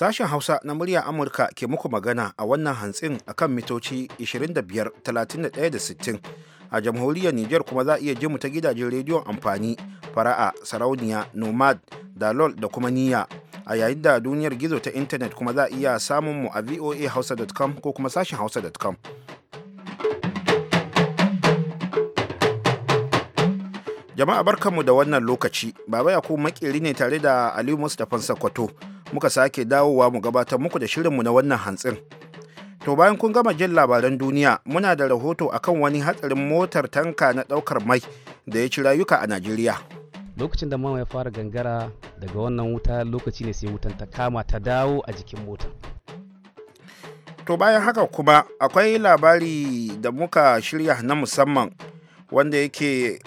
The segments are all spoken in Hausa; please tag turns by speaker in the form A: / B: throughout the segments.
A: Sashen Hausa na murya Amurka ke muku magana a wannan hantsin akan mitoci 25, 31 da 60. A jamhuriyar Nijar kuma za a iya mu ta gidajen rediyon amfani, fara'a, sarauniya, nomad, dalol da kuma niyya. A yayin da duniyar gizo ta intanet kuma za a iya samun mu a voahausa.com ko kuma sashen hausa.com. Jama'a barkanmu da wannan lokaci, Baba Yakubu makeri ne tare da Aliyu Mustapha Sakwato. Muka sake dawowa mu gabatar muku da shirinmu na wannan hantsin. To bayan kun gama jin labaran duniya, muna da rahoto akan wani hatsarin motar tanka na ɗaukar mai da ya ci rayuka a Najeriya.
B: Lokacin da mama ya fara gangara daga wannan wuta lokaci ne sai wutan ta kama ta dawo a jikin mota. To
A: bayan haka kuma akwai labari da muka shirya na musamman wanda yake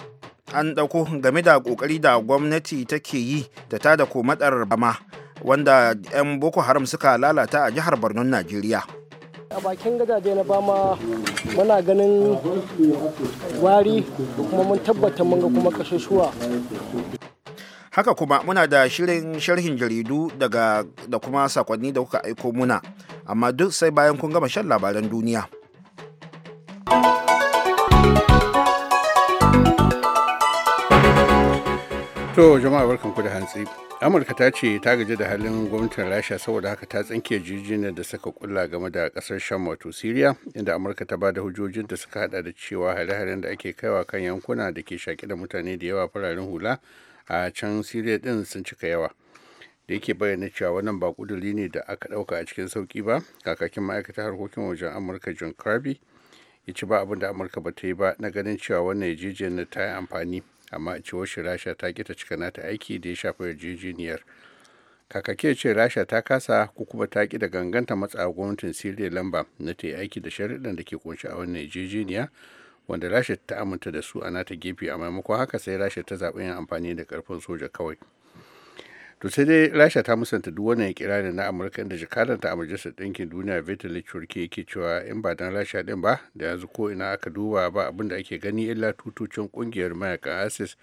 A: an ɗauko game da ƙoƙari da gwamnati take yi da ta da matsar bama wanda 'yan boko haram suka lalata a jihar borno najeriya
B: a bakin gadaje na bama muna ganin wari
A: kuma mun tabbata mun ga kuma kashashuwa haka kuma muna da shirin sharhin jaridu daga da kuma sakonni da kuka aiko muna amma duk sai bayan kun gama shan labaran duniya.
C: To jama'a barkan ku da hantsi. Amurka ta ce ta gaji da halin gwamnatin Rasha saboda haka ta tsinke jirgin da suka kulla game da kasar Sham wato Syria inda Amurka ta bada hujjojin da suka hada da cewa hare-haren da ake kaiwa kan yankuna da ke shaƙi da mutane da yawa fararen hula a can Syria din sun cika yawa. Da yake bayyana cewa wannan ba kuduri ne da aka ɗauka a cikin sauki ba kakakin ma'aikata harkokin wajen Amurka John Kirby ya ci ba abin da Amurka ba ta yi ba na ganin cewa wannan yarjejeniyar ta yi amfani amma a cewar shi rasha ta ƙi ta cika nata aiki da ya shafi yarjejeniyar kakake ce rasha ta kasa ko kuma ta ƙi da ganganta matsa gwamnatin siriya lamba na ta yi aiki da shari'ar da ke kunshi a wannan yarjejeniya wanda rasha ta aminta da su a nata gefe a maimakon haka sai rasha ta zaɓi yin amfani da ƙarfin soja kawai to sai dai rasha ta musanta duk wannan kirarin na amurka da jakadanta a majalisar ɗinkin duniya vitali ke yake cewa in ba dan rasha ɗin ba da yanzu ko ina aka duba ba abin da ake gani illa tutocin ƙungiyar mayakan isis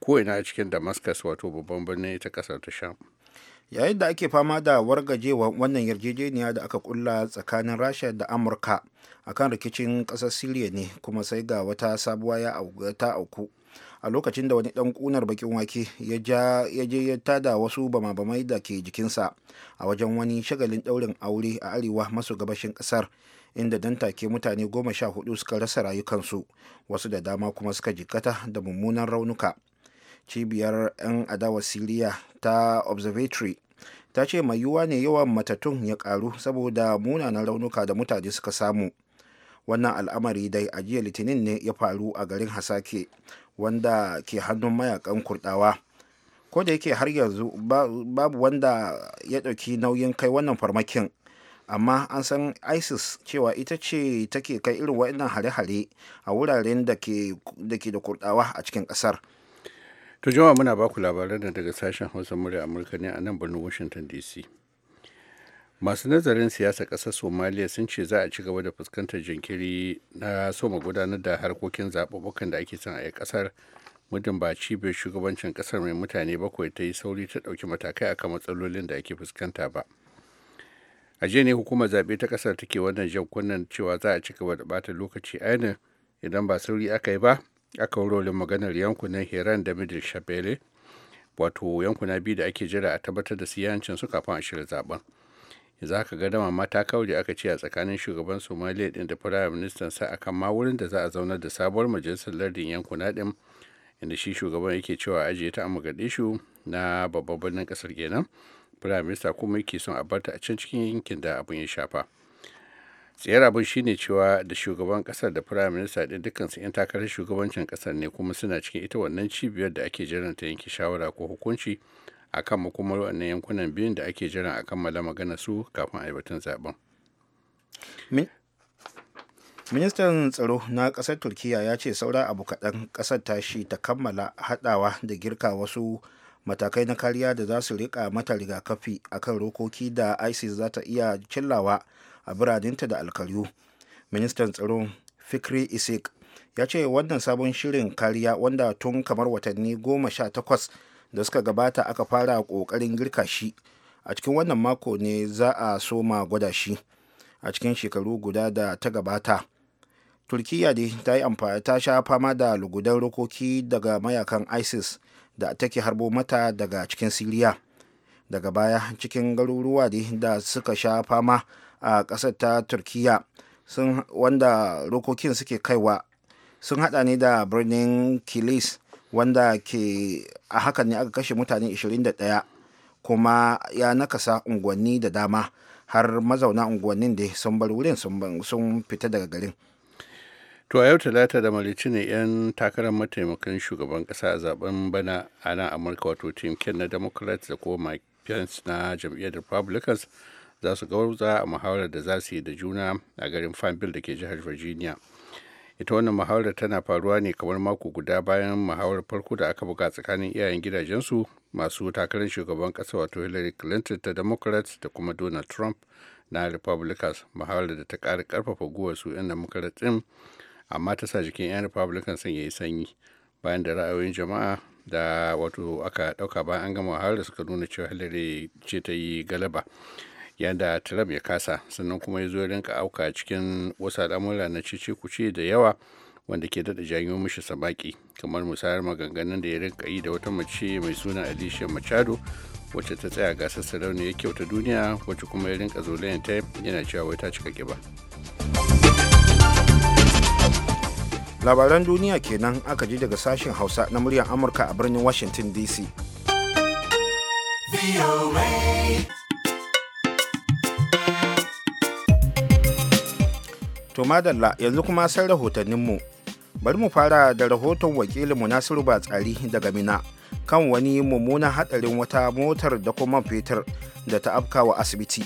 C: ko ina a cikin damascus wato babban birnin ita kasar ta sham
A: yayin da ake fama da wargajewa wannan yarjejeniya da aka kulla tsakanin rasha da amurka akan rikicin ƙasar siriya ne kuma sai ga wata sabuwa ya ta auku a lokacin da wani dan kunar bakin wake ya je ya tada wasu bama-bamai da ke jikinsa a wajen wani shagalin daurin aure a arewa maso gabashin kasar inda dan take mutane goma sha hudu suka rasa rayukansu wasu da dama kuma suka jikata da mummunan raunuka cibiyar 'yan adawa siriya ta observatory ta ce mai yiwuwa ne yawan matatun ya karu saboda munanan raunuka da mutane suka samu wannan al'amari dai a jiya litinin ne ya faru a garin hasake wanda ke hannun mayakan kurdawa ko da yake har yanzu babu wanda ya ɗauki nauyin kai wannan farmakin amma an san isis cewa ita ce take kai irin waɗannan hare-hare a wuraren da ke da
C: kurdawa a cikin ƙasar to jama'a muna baku labaran daga sashen hausa murya amurka ne a nan birnin washington dc masu nazarin siyasa ƙasar somaliya sun ce za a ci gaba da fuskantar jinkiri na soma gudanar da harkokin zaɓuɓɓukan da ake son a yi ƙasar muddin ba cibiyar shugabancin ƙasar mai mutane bakwai ta yi sauri ta ɗauki matakai akan matsalolin da ake fuskanta ba a jiya ne hukumar zaɓe ta ƙasar take wannan jan kunnen cewa za a ci gaba da ɓata lokaci ainihin idan ba sauri aka yi ba aka rolin maganar yankunan heran da middle shabele wato yankuna biyu da ake jira a tabbatar da siyancin su kafin a shirya zaben yanzu aka ga dama mata kawai aka ce a tsakanin shugaban somaliya din da firayim ministan sa kan ma wurin da za a zaunar da sabuwar majalisar lardin yankuna din inda shi shugaban yake cewa ajiye ta a mogadishu na babban birnin kasar kenan firayim minista kuma yake son a barta a can cikin yankin da abun ya shafa tsayar abin shine cewa da shugaban kasar da firayim minista din dukkansu 'yan takarar shugabancin kasar ne kuma suna cikin ita wannan cibiyar da ake jiran ta yanke shawara ko hukunci a kan makomar wannan yankunan biyun da ake jiran a kammala magana su kafin a yi batun zaben.
A: ministan tsaro na ƙasar turkiya ya ce saura abu kaɗan ƙasar tashi ta kammala haɗawa da girka wasu matakai na kariya da za su riƙa mata rigakafi akan rokoki da isis za ta iya cillawa a biranenta da alkaryu ministan tsaro fikri isik ya ce wannan sabon shirin kariya wanda tun kamar watanni goma sha takwas da suka gabata aka fara ƙoƙarin girka shi a cikin wannan mako ne za a soma gwada shi a cikin shekaru guda da ta gabata turkiyya dai ta yi amfani ta sha fama da lugudan rokoki daga mayakan isis da take harbo mata daga cikin siriya daga baya cikin garuruwa da suka sha fama a ƙasar ta turkiya sun wanda rokokin suke kaiwa sun hada ne da birnin kilis wanda ke a hakan ne aka kashe mutane 21 kuma ya nakasa unguwanni da dama har mazauna unguwannin da sun bar wurin sun fita daga garin
C: to a yau talata da malici ne 'yan takarar mataimakan shugaban kasa a zaben bana a nan amurka wato tim na democrats da kuma pence na jam'iyyar republicans za su gauza a muhawarar da za su yi da juna a garin fanville da ke jihar virginia ita wannan muhawarar tana faruwa ne kamar mako guda bayan muhawarar farko da aka buga tsakanin iyayen gidajensu masu takarar shugaban kasa wato hillary clinton ta democrats da kuma donald trump na republicans muhawarar da ta ƙara karfafa guwar su 'yan democrats ɗin amma ta sa jikin 'yan republicans sun yi sanyi bayan da ra'ayoyin jama'a da wato aka ɗauka bayan an gama muhawarar suka nuna cewa hillary ce ta yi galaba yadda trump ya kasa sannan kuma ya zo ya rinka auka cikin wasu al'amura na cici kuce da yawa wanda ke daɗa janyo mishi sabaki kamar musayar maganganun da ya rinka yi da wata mace mai suna alicia machado wacce ta tsaya gasar sarauniyar kyauta duniya wacce kuma ya rinka zolayen ta yana cewa wai ta cika kiba
A: labaran duniya kenan aka ji daga sashen hausa na muryar amurka a birnin washington dc To madalla yanzu kuma san rahotanninmu. Bari mu fara da rahoton wakilinmu Nasiru Batsari daga Mina kan wani mummunan hadarin wata motar da kuma fetur da ta afkawa asibiti.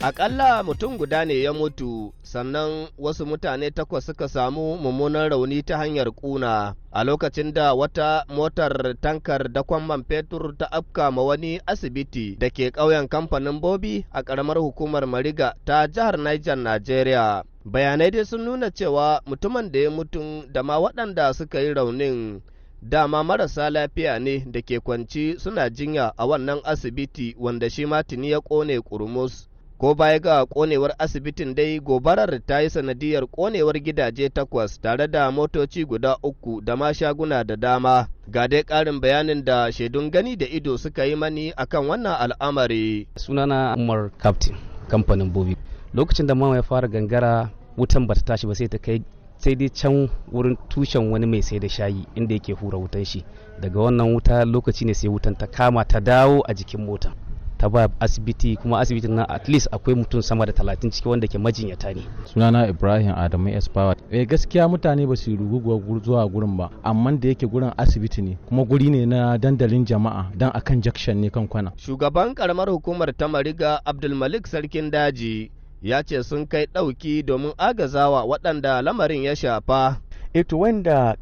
D: Akalla mutum guda ne ya mutu sannan wasu mutane takwas suka samu mummunan rauni ta hanyar kuna a lokacin da wata motar tankar da kwamban fetur ta afka ma wani asibiti da ke ƙauyen kamfanin bobi a ƙaramar hukumar mariga ta jihar Niger Najeriya. bayanai dai sun nuna cewa mutumin da ya mutu da ma waɗanda suka yi raunin dama marasa lafiya ne da ke kwanci suna jinya a wannan asibiti wanda shi matini ya ƙone ƙurmus ko baya ga ƙonewar asibitin dai gobarar ta yi sanadiyar ƙonewar gidaje takwas tare da motoci guda uku da ma shaguna da dama ga dai ƙarin bayanin da shaidun gani da ido suka yi mani akan wannan al'amari sunana
B: umar captain kamfanin bobi lokacin da mama ya fara gangara wutan bata tashi ba sai ta kai sai dai can wurin tushen wani mai sai da shayi inda yake hura wutan shi daga wannan wuta lokaci ne sai wutan ta kama ta dawo a jikin mota ta ba asibiti kuma asibitin nan at least akwai mutum sama da talatin ciki wanda ke majinyata ne sunana ibrahim adamu s power eh gaskiya mutane ba su rugu zuwa gurin ba amma da yake gurin asibiti ne kuma guri ne na dandalin jama'a dan akan jakshan ne kan kwana
D: shugaban karamar hukumar tamariga abdulmalik sarkin daji ya ce sun kai ɗauki domin agazawa waɗanda lamarin ya shafa.
B: Ito wanda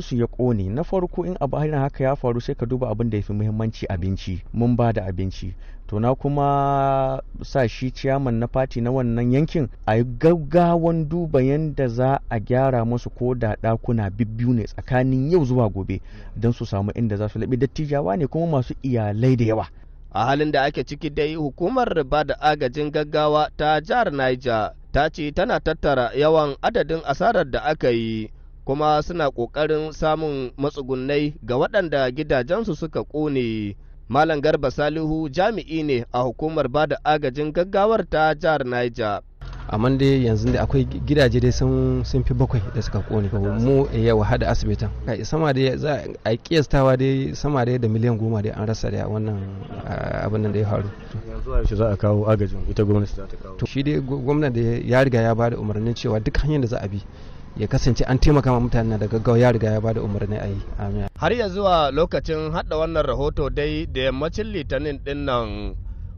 B: su ya ƙone na farko in abu harin haka ya faru sai ka duba abin da ya fi muhimmanci abinci mun ba da abinci to na kuma sa shi ciyaman na fati na wannan yankin a yi gaggawan duba yadda za a gyara musu ko da ɗakuna bibbiyu ne tsakanin yau zuwa gobe don su samu inda za su dattijawa ne kuma masu iyalai da yawa
D: a halin da ake ciki dai hukumar ba da agajin gaggawa ta jihar niger ta ce tana tattara yawan adadin asarar da aka yi kuma suna ƙoƙarin samun matsugunai ga waɗanda gidajensu suka ƙone malam garba salihu jami'i ne a hukumar bada agajin gaggawar ta jihar niger amma
B: dai yanzu da akwai gidaje dai sun sun fi bakwai da suka kone mu yawa eh, hada asibitin sama dai za a kiyastawa dai sama dai da miliyan goma dai an rasa da wannan abin nan da ya faru yanzu shi za a kawo agajin ita gwamnati za ta kawo shi dai gwamnati ya riga ya bada umarnin cewa duk hanyar da za a bi ya kasance an taimaka ma mutane da gaggawa ya riga ya bada
D: umarni a amin har ya zuwa lokacin hada wannan rahoto dai da yammacin litinin din nan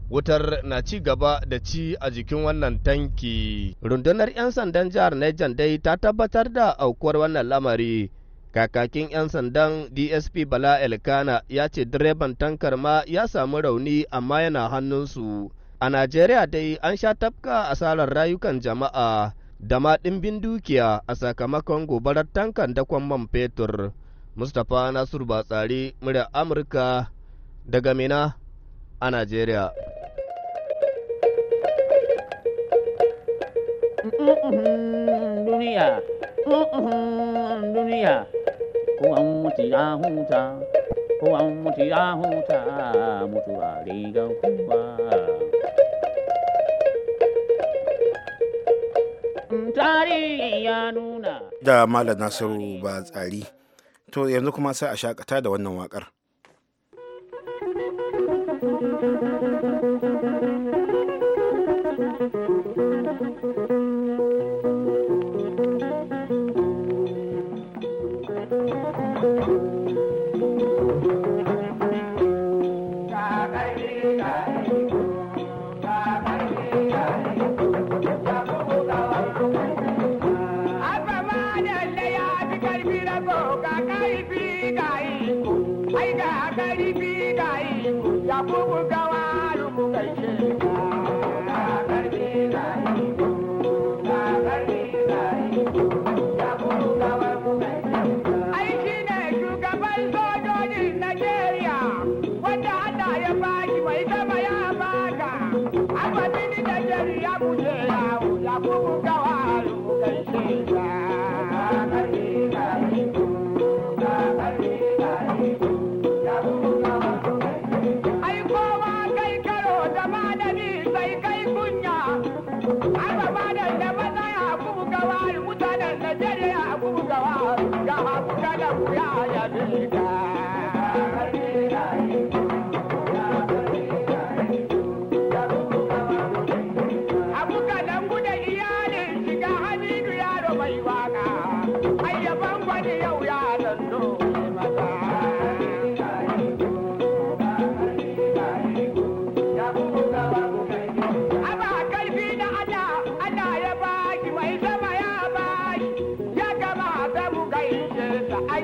D: wutar na ci gaba da ci a jikin wannan tanki rundunar 'yan sandan jihar Niger dai ta tabbatar da aukuwar wannan lamari kakakin 'yan sandan dsp bala elkana ya ce direban tankar ma ya samu rauni amma yana hannunsu a najeriya dai an sha tafka asarar rayukan jama'a da ma ɗimbin dukiya a sakamakon gobarar tankar dakon man fetur mustapha nasiru batsari murya amurka daga mina a najeriya
E: duniya duniya ko an mutu ya huta ko an mutu ya huta mutuwa rigar ba. tarihi ya nuna
A: da malam nasiru ba tsari to yanzu kuma sai a shakata da wannan wakar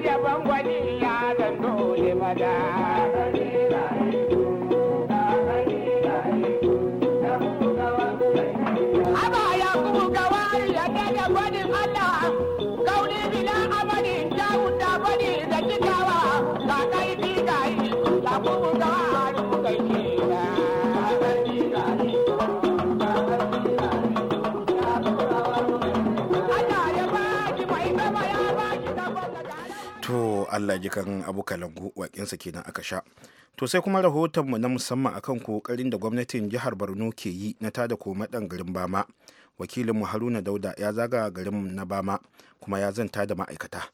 E: ya bangwani ya zan dole mada.
A: Allah abu wakinsa waƙinsa kenan aka sha. To sai kuma rahotonmu na musamman akan kokarin da gwamnatin jihar Borno ke yi na ta tada komaɗan garin Bama. Wakilinmu Haruna Dauda ya zaga garin na Bama kuma ya zanta da ma'aikata.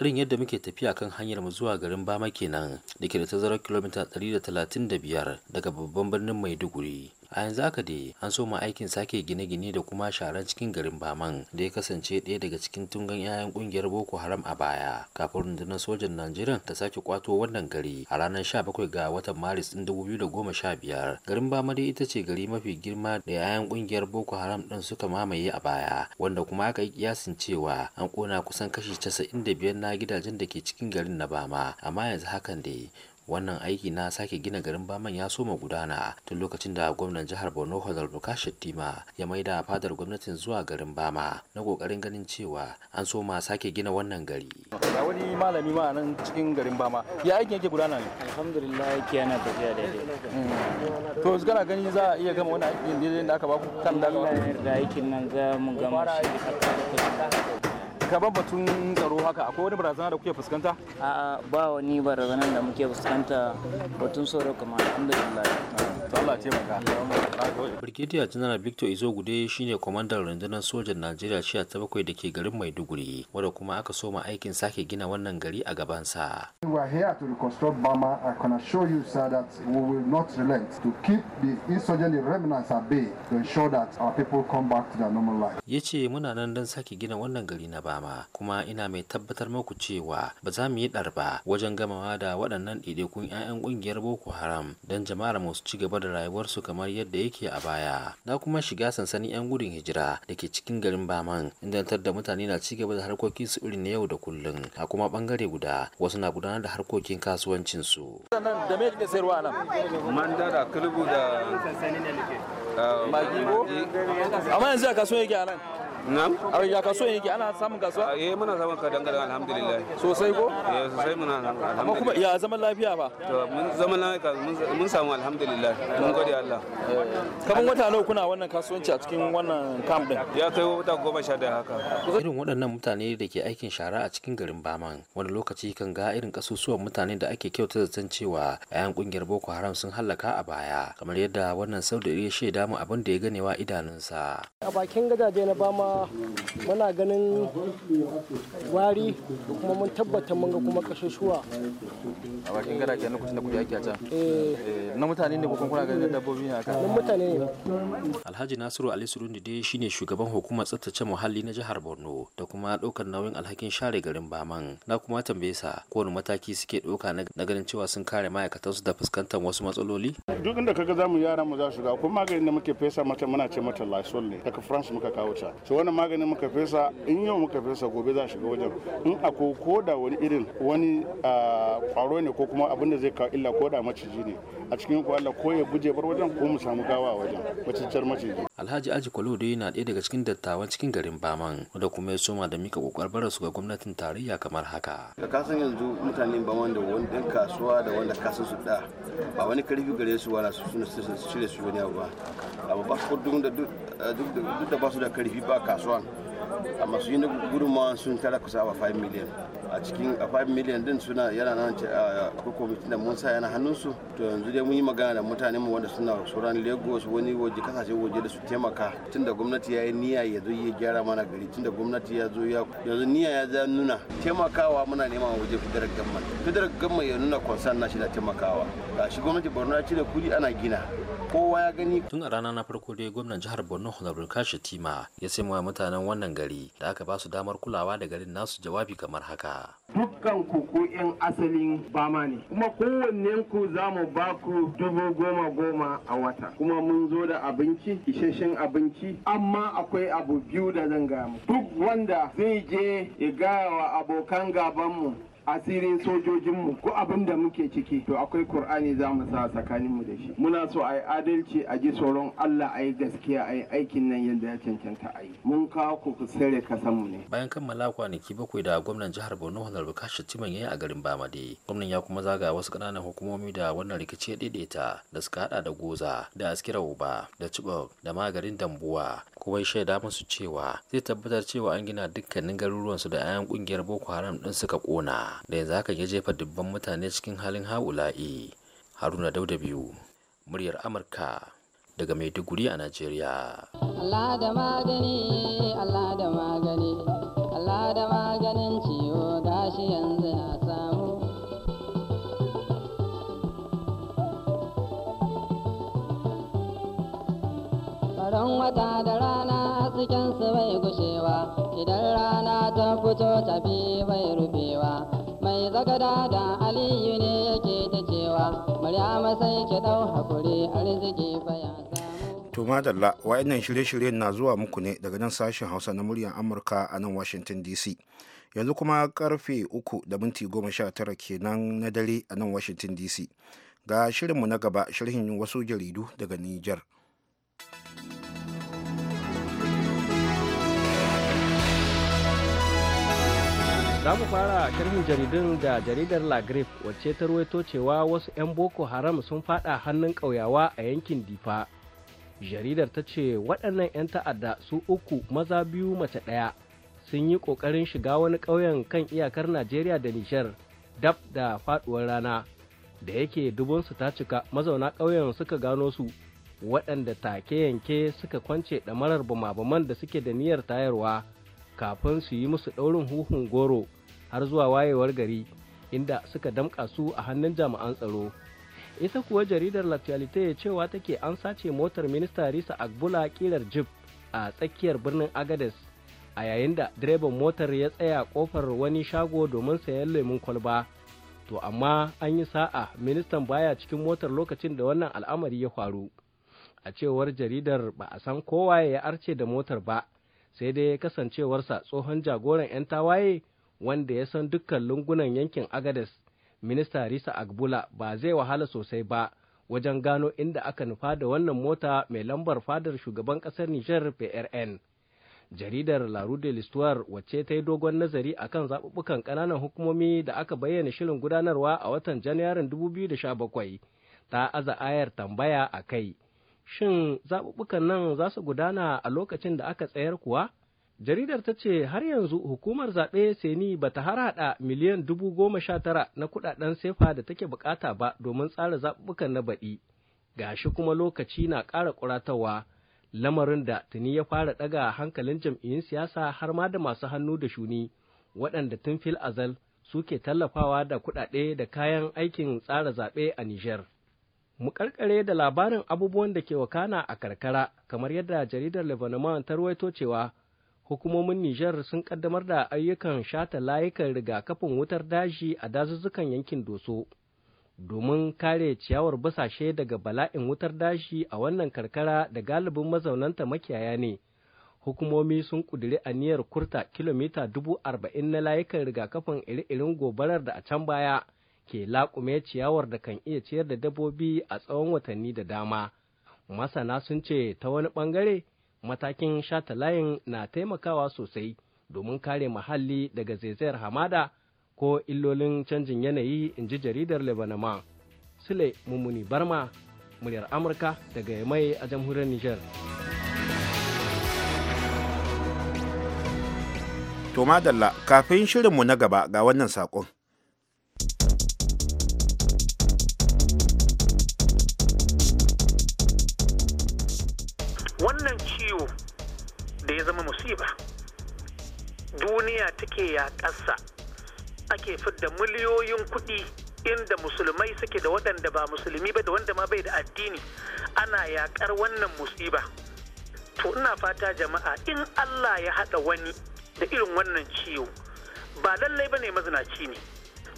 F: irin yadda muke tafiya kan hanyar mu zuwa garin Bama kenan da ke da tazarar kilomita 135 daga babban birnin Maiduguri a yanzu haka dai an so ma aikin sake gine-gine da kuma sharan cikin garin baman da ya kasance ɗaya daga cikin tungan 'ya'yan ƙungiyar boko haram a baya kafin rundunar sojan najeriya ta sake kwato wannan gari a ranar 17 ga watan maris ɗin 2015 garin bama dai ita ce gari mafi girma da 'ya'yan ƙungiyar boko haram ɗin suka mamaye a baya wanda kuma aka yi kiyasin cewa an ƙona kusan kashi 95 na gidajen da ke cikin garin na bama amma yanzu hakan dai wannan aiki na sake gina garin baman ya soma gudana tun lokacin da gwamnan jihar borno hodar buka shettima ya maida fadar gwamnatin zuwa garin bama na kokarin ganin cewa an soma sake gina wannan gari ga wani malami ma nan cikin garin bama ya aikin yake gudana ne alhamdulillah yake yana tafiya daidai mm. to kana gani za a iya gama wannan aikin da aka baku kan da aka baku da aikin nan za mu gama shi kamar batun tsaro haka akwai wani barazana da kuke fuskanta a'a ba wani
B: barazanar da muke fuskanta batun tsaro kamar alhamdulillah Allah ce
F: Brigadier General Victor izo gude shine kwamandan rundunar sojan Najeriya shiya ta bakwai da ke garin Maiduguri, wanda kuma aka soma aikin sake gina wannan gari a gabansa. We are here to reconstruct Bama. I can assure you, sir, that we will not relent to keep the insurgent remnants at bay to ensure that our people come back to their normal life. Ya muna nan don sake gina wannan gari na Bama, kuma ina mai tabbatar muku cewa ba za mu yi ɗarba wajen gamawa da waɗannan ɗaiɗaikun 'ya'yan ƙungiyar Boko Haram don jama'ar mu su ci gaba gaba da rayuwarsu kamar yadda yake a baya na kuma shiga sansanin 'yan gudun hijira da ke cikin garin baman ingantar da mutane na ci gaba da harkokin su irin na yau da kullum a kuma bangare guda wasu na gudanar da harkokin kasuwancin su yanzu
B: a kasuwa yake Na'am. A ya kasuwan yake
F: ana samun
G: kasuwa?
B: Eh muna samun kadan kadan alhamdulillah. Sosai ko? Eh sosai muna samun alhamdulillah. Amma kuma
C: ya
F: zaman lafiya ba? To mun zaman lafiya mun samu alhamdulillah. Mun gode Allah. Kaman wata nawa kuna wannan kasuwanci a cikin wannan camp din? Ya kai wata goma sha da haka. Irin waɗannan mutane da ke aikin shara a cikin garin Baman wani lokaci kan ga irin kasusuwan mutane da ake kyauta zaton cewa 'ya'yan kungiyar Boko Haram sun hallaka a baya kamar yadda wannan saudi ya shaida mu abin da ya ganewa idanunsa.
B: A bakin gadaje na Bama muna ganin wari da kuma mun tabbata mun ga kuma kashashuwa
F: a bakin gara ke lokacin da kuke ake can eh. Eh, na mutane ne ko kuna ganin dabbobi ne aka na mutane ne Alhaji Nasiru Ali Surundi dai shine shugaban hukumar tsaftace muhalli na jihar Borno da kuma daukar nauyin alhakin share garin Baman na kuma tambaye sa kowane mataki suke dauka na ganin cewa sun kare ma'aikatansu da fuskantar wasu matsaloli
C: duk inda kaga zamu yara mu za su ga kuma maganin da muke fesa mata muna ce mata Lysol ne daga France muka kawo ta wani maganin muka fesa in yau muka fesa gobe za shiga wajen in ako ko da wani irin wani kwaro ah, ne ko kuma abin da zai kawo illa ko da maciji ne a cikin ku Allah ko ya guje bar wajen ko mu samu gawa wajen macicciyar maciji
F: Alhaji Aji dai na ɗaya daga cikin dattawan cikin garin Baman wanda kuma ya soma da mika kokar bara su ga gwamnatin tarayya kamar haka
C: ka kasan yanzu mutanen Baman da wanda kasuwa da wanda kasan su da ba wani karfi gare su wala su suna su cire su wani abu ba abu ba ko duk eh, da duk da ba su da karfi ba kasuwa amma su yi na gudunmawa sun tara kusa wa 5 miliyan a cikin a 5 million din suna yana nan a kwamitin da mun sa yana hannunsu to yanzu dai mun yi magana da mutane mu wanda suna sauran lagos wani waje kasashe waje da su taimaka tunda gwamnati ya yi niyya ya zo ya gyara mana gari tunda gwamnati ya zo ya yanzu niyya ya za nuna taimakawa muna neman waje federal gamman federal gamman ya nuna concern na shi na taimakawa shi gwamnati borno ya cire kudi ana gina kowa ya gani
F: tun a rana na farko dai gwamnan jihar borno honorable kashi tima ya sai mutanen wannan gari da aka ba su damar kulawa da garin nasu jawabi kamar haka
H: Dukkan ku ko 'yan asalin bama
A: ne, kuma kowanne ku za mu ba ku dubu goma goma a wata. Kuma mun zo da abinci, isasshen abinci, amma akwai abu biyu da zan gaya mu. Duk wanda zai je ya gaya wa abokan gabanmu asirin sojojinmu ko abin da muke ciki to akwai Kur'ani za mu sa mu da shi.
H: Muna so a yi adalci a ji tsoron Allah a yi gaskiya a yi aikin nan yadda ya cancanta a yi. Mun kawo ku ku sare kasanmu ne.
F: Bayan kammala kwanaki bakwai da gwamnan jihar Borno Honorable Kashi Timan ya yi a garin Bamade. Gwamnan ya kuma zaga wasu ƙananan hukumomi da wannan rikici ya daidaita da suka hada da Goza da Askira Uba da Chibok da maganin Dambuwa. Kuma shaida musu cewa zai tabbatar cewa an gina dukkanin garuruwansu da 'ya'yan kungiyar Boko Haram din suka kona. da yanzu haka ya jefa dubban mutane cikin halin ha'ula'i haruna dauda biyu muryar amurka daga maiduguri a najeriya
E: allah da magani allah da magani allah da maganin ciwo gashi yanzu na samu Ran wata da rana cikinsu bai gushewa, idan rana ta fito tafi bai rufewa. sagada da aliyu ne yake ta cewa maryama sai ki dau hakuri arziki baya
A: to madalla wa'annan shirye-shiryen na zuwa muku ne daga nan sashen hausa na muryar amurka a nan washington dc yanzu kuma karfe uku da minti goma sha tara kenan na dare a nan washington dc ga shirinmu na gaba sharhin wasu jaridu daga niger
B: Za mu fara karfin jaridun da jaridar La wacce ta ruwaito cewa wasu 'yan Boko Haram sun fada hannun ƙauyawa a yankin Difa. Jaridar ta ce waɗannan 'yan ta'adda su uku maza biyu mace ɗaya sun yi ƙoƙarin shiga wani ƙauyen kan iyakar Najeriya da Nijar dab da faɗuwar rana da yake dubunsu ta cika mazauna ƙauyen suka gano su waɗanda take yanke suka kwance ɗamarar bama-baman da suke da niyyar tayarwa kafin su yi musu ɗaurin huhun goro har zuwa wayewar gari inda suka damƙa su a hannun jami'an tsaro ita kuwa jaridar latalite cewa take an sace motar minista risa agbula kilar jib a tsakiyar birnin agades a yayin da direban motar ya tsaya kofar wani shago domin sayan lemun kwalba to amma an yi sa'a ministan baya cikin motar lokacin da wannan al'amari ya faru a cewar jaridar ba a san kowa ya arce da motar ba sai dai kasancewarsa tsohon jagoran 'yan tawaye wanda ya san dukkan lungunan yankin Agades, minista Risa Agbula ba zai wahala sosai ba wajen gano inda aka nufa da wannan mota mai lambar fadar shugaban ƙasar Nijar PRN. Jaridar La Rue de l'Histoire wacce ta yi dogon nazari akan zaɓuɓɓukan ƙananan hukumomi da aka bayyana shirin gudanarwa a watan Janairun 2017 ta aza ayar tambaya a kai. Shin zaɓuɓɓukan nan za su gudana a lokacin da aka tsayar kuwa? jaridar ta ce har yanzu hukumar zaɓe seni ba ta harhaɗa miliyan dubu goma sha tara na kuɗaɗen sefa da take buƙata ba domin tsara zaɓuɓɓukan na baɗi gashi kuma lokaci na ƙara ƙuratawa lamarin da tuni ya fara ɗaga hankalin jam'iyyun siyasa har ma da masu hannu da shuni waɗanda tun fil azal suke tallafawa da kuɗaɗe da kayan aikin tsara zaɓe a Nijar. mu ƙarƙare da labarin abubuwan da ke wakana a karkara kamar yadda jaridar Lebanon ta ruwaito cewa hukumomin Nijar sun kaddamar da ayyukan shata layukan rigakafin wutar daji a dazuzzukan yankin Doso domin kare ciyawar basashe daga bala'in wutar dashi a wannan karkara da galibin mazaunanta makiyaya ne. Hukumomi sun ƙudiri aniyar kurta kilomita dubu arba'in na layukan rigakafin iri-irin gobarar da a can baya ke laƙume ciyawar da kan iya ciyar da dabbobi a tsawon watanni da dama. Masana sun ce ta wani ɓangare matakin shata layin na taimakawa sosai domin kare muhalli daga zaizayar hamada ko illolin canjin yanayi in ji jaridar lebanama sule mummuni barma muryar amurka daga mai a jamhuriyar niger
A: to madalla kafin shirinmu na gaba ga wannan saƙon
G: wannan ciwo da ya zama musiba duniya take yaƙarsa ake fidda miliyoyin kuɗi inda musulmai suke da waɗanda ba musulmi ba da wanda ma bai da addini ana yaƙar wannan musiba to ina fata jama'a in Allah ya haɗa wani da irin wannan ciwo ba lallai ba ne mazinaci ne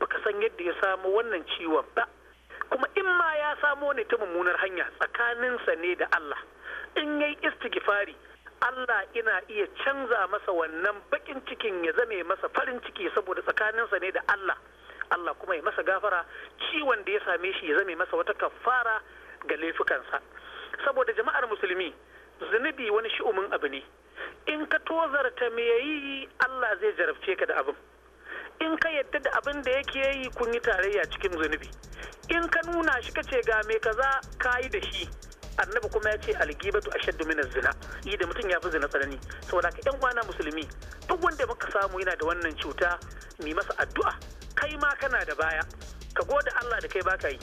G: baka san yadda ya samu wannan ciwon ba kuma in ma ya samo ne ta mummunar hanya tsakaninsa ne da Allah in yayi istighfari Allah ina iya canza masa wannan bakin cikin ya zame masa farin ciki saboda tsakaninsa ne da Allah Allah kuma ya masa gafara ciwon da ya same shi ya zame masa wata kafara ga laifukansa saboda jama'ar musulmi zunubi wani shi'umin abu ne in ka tozarta me yayi Allah zai jarabce ka da abin in ka yadda da abin da yake yi kun yi tarayya cikin zunubi in ka nuna shi ka ce ga me kaza ka yi da shi annabi kuma ya ce algibatu ashaddu min zina yi da mutum ya fi zina tsanani saboda ka yan kwana musulmi duk wanda muka samu yana da wannan cuta mi masa addu'a kai ma kana da baya ka gode Allah da kai baka yi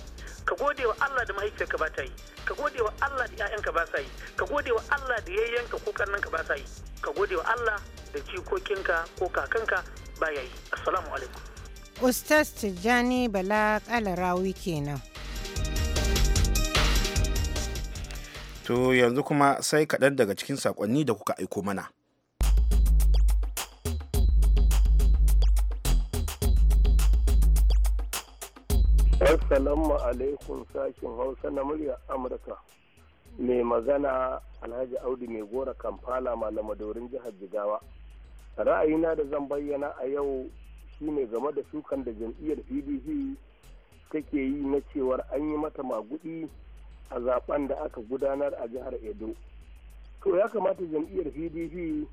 G: ka gode wa Allah da mahaifiyarka ba ta yi ka gode wa Allah da 'ya'yanka ba sa yi ka gode wa Allah da yayyanka ko ka ba sa yi ka gode wa Allah da jikokinka ko kakanka baya assalamu
H: ustaz tijjani bala kalarawi kenan
A: to yanzu kuma sai kaɗan daga cikin saƙonni da kuka aiko mana
G: Assalamu alaikum sashen Hausa na murya Amurka. Mai magana Alhaji Audu mai gora Kampala malamadorin jihar Jigawa. ra'ayina da zan bayyana a yau shine game da shukan da jam'iyyar pdp take yi na cewar an yi mata magudi a zaben da aka gudanar a jihar edo to ya kamata jam'iyyar pdp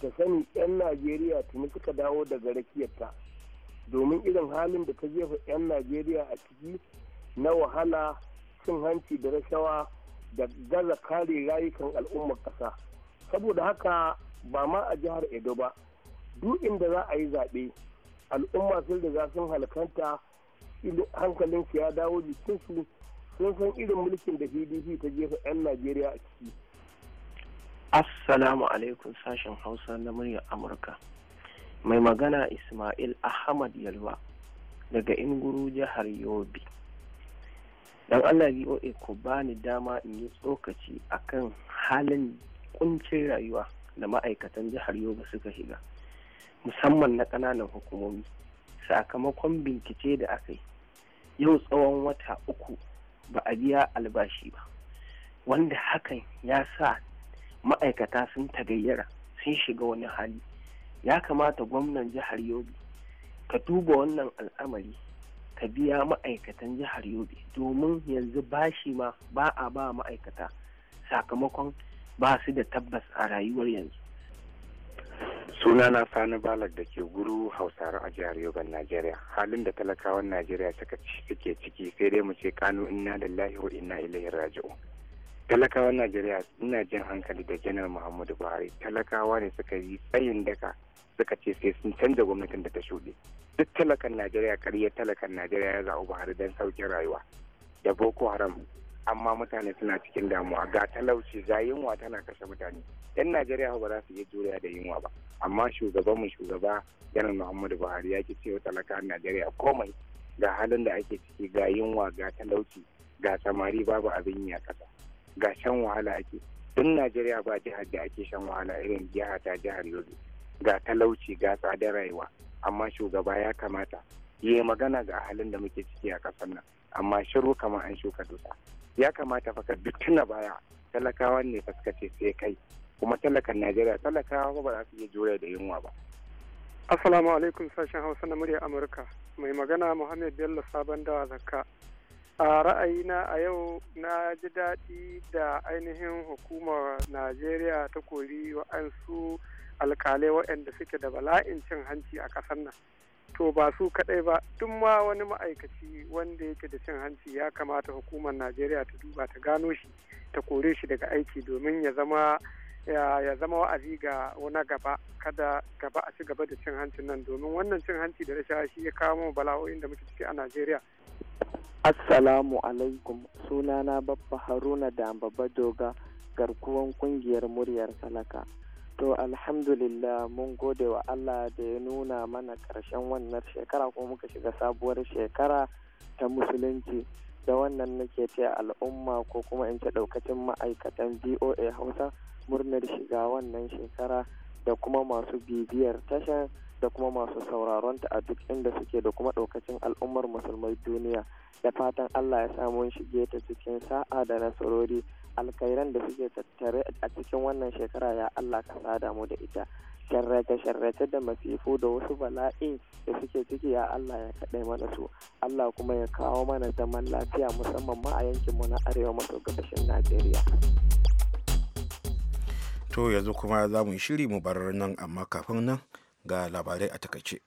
G: ta sani 'yan najeriya tuni suka dawo daga rakiyarta domin irin halin da ta jefa 'yan najeriya a ciki na wahala cin hanci da rashawa da gaza kare rayukan al'ummar ƙasa saboda haka ba ma a jihar edo ba duk inda za a yi zaɓe al'umma sun riga sun halkanta hankalinsu ya dawo jikinsu sun san irin mulkin da pdp ta jefa 'yan najeriya a ciki
H: assalamu alaikum sashen hausa na muryar amurka mai magana ismail ahmad yalwa daga inguru jihar yobe dan allah voa ku bani dama in yi tsokaci akan halin kuncin rayuwa da ma'aikatan jihar yobe suka shiga musamman na ƙananan hukumomi sakamakon bincike da aka yi yau tsawon wata uku ba a biya albashi ba wanda hakan ya sa ma'aikata sun tagayyara sun shiga wani hali ya kamata gwamnan jihar yobe ka duba wannan al'amari ka biya ma'aikatan jihar yobe domin yanzu bashi ma ba a ba ma'aikata sakamakon ba su da tabbas a rayuwar yanzu sunana sani balak da ke guru hausaru a jihar yoban najeriya halin da talakawan najeriya suke ciki sai dai mu ce kanu inna da wa inna ilayin raji'un talakawan najeriya ina jin hankali da janar muhammadu buhari talakawa ne suka yi tsayin daka suka ce sai sun canza gwamnatin da ta shuɗe duk talakan najeriya karya talakan najeriya ya zaɓi buhari don sauƙin rayuwa da boko haram amma mutane suna cikin damuwa ga talauci ga yunwa tana kashe mutane yan najeriya ba za su yi juriya da yunwa ba amma shugabanmu shugaba yanar muhammadu buhari ya ki cewa talaka najeriya komai ga halin da ake ciki ga yunwa ga talauci ga samari babu abin ya kasa ga shan wahala ake duk najeriya ba jihar da ake shan wahala irin jiha ta jihar yobe ga talauci ga tsadar rayuwa amma shugaba ya kamata yi magana ga halin da muke ciki a kasar nan amma shiru kamar an shuka dusa ya kamata fa ka tuna baya talakawa ne fa suka sai kai kuma talakan najeriya talakawa ba za su iya jure da yunwa ba assalamu alaikum sashen hausa na murya amurka mai magana muhammed bello sabon dawa zakka
C: a ra'ayina
H: a yau na ji daɗi da ainihin hukumar najeriya ta kori wa'ansu alkalai waɗanda suke da bala'in cin hanci a ƙasar nan to ba su kadai ba duk ma wani ma'aikaci wanda yake da cin hanci ya kamata hukumar najeriya ta duba ta gano shi ta kore shi daga aiki domin ya zama ya zama wa'azi ga wani gaba kada gaba a ci gaba da cin hancin nan domin wannan cin hanci da rashawa shi ya kawo bala'o'in da muke ciki a najeriya assalamu alaikum sunana babba haruna da babba doga garkuwan kungiyar muryar talaka To alhamdulillah mun gode wa Allah da ya nuna mana karshen wannan shekara ko muka shiga sabuwar shekara ta musulunci da wannan nake ce al'umma ko kuma in ce daukacin ma'aikatan VOA Hausa murnar shiga wannan shekara da kuma masu bibiyar tashar da kuma masu sauraronta a duk inda suke da kuma daukacin al'ummar musulmai duniya da fatan Allah ya samu shige ta cikin sa'a da nasarori. alkairan da suke tattare a cikin wannan shekara ya Allah ka sada mu da ita sharrace-sharrace da masifu da wasu bala'i da suke ciki ya Allah ya kaɗai mana su Allah kuma ya kawo mana zaman lafiya musamman ma a yankinmu na arewa maso gabashin Najeriya.
A: To yanzu kuma za mu shiri mu bar nan amma kafin nan ga labarai a takaice.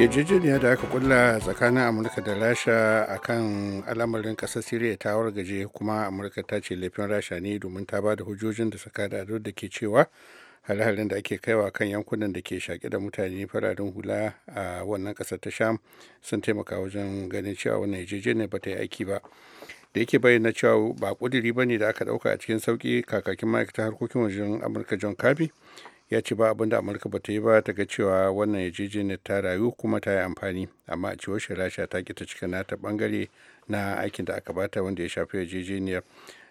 C: yarjejeniya da aka kulla tsakanin amurka da rasha a akan al'amarin ƙasar siriya ta wargaje kuma amurka ta ce laifin rasha ne domin ta ba da hujjojin da suka da da ke cewa hare-haren da ake kaiwa kan yankunan da ke shaƙe da mutane fararen hula a wannan ƙasar ta sham sun taimaka wajen ganin cewa wannan yarjejeniya ba ta yi aiki ba da yake bayyana cewa ba ƙudiri ba ne da aka ɗauka a cikin sauƙi kakakin ma'aikatar harkokin wajen amurka john kirby ya ce ba abin da amurka ba ta yi ba ta ga cewa wannan yarjejeniyar ta rayu kuma ta yi amfani amma a cewar shi rasha ta ki ta cika nata bangare na aikin da aka bata wanda ya shafi yarjejeniyar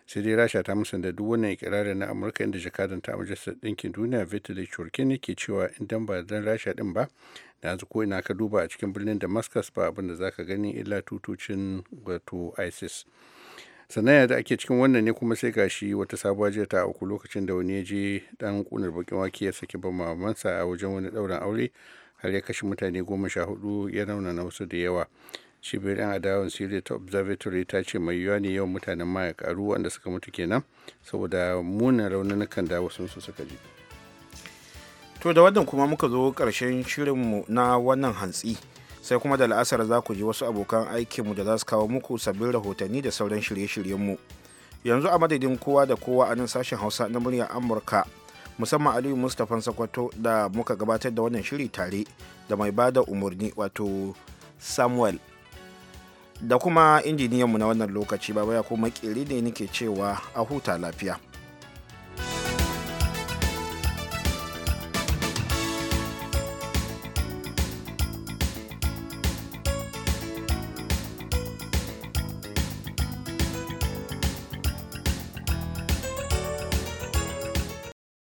C: sai dai rasha ta musanta duk wannan ikirarin na amurka inda jakadan ta majalisar ɗinkin duniya vitali churkin ke cewa idan ba dan rasha ɗin ba da yanzu ko ina ka duba a cikin birnin damascus ba abin da ka gani illa tutucin wato isis sannan da ake cikin wannan ne kuma sai gashi wata sabuwa jiya ta auku lokacin da wani ya je dan kunar bakin wake ya saki ba mamansa a wajen wani ɗaurin aure har ya kashe mutane goma sha hudu ya rauna na wasu da yawa shibirin yan adawan syria ta observatory ta ce mai yiwuwa ne yawan mutanen ma wanda suka mutu kenan saboda munin raunukan da wasu su suka ji to da wannan kuma muka zo karshen shirinmu na wannan hantsi
A: sai kuma da la'asar za ku ji wasu abokan aikinmu da za su kawo muku sabbin rahotanni da sauran shirye-shiryenmu yanzu a madadin kowa da kowa a nan sashen hausa na muryar amurka musamman aliyu mustapha sakwato da muka gabatar da wannan shiri tare da mai ba da umarni wato samuel da kuma injiniyanmu na wannan lokaci baba ya ko makeri ne nake cewa a huta lafiya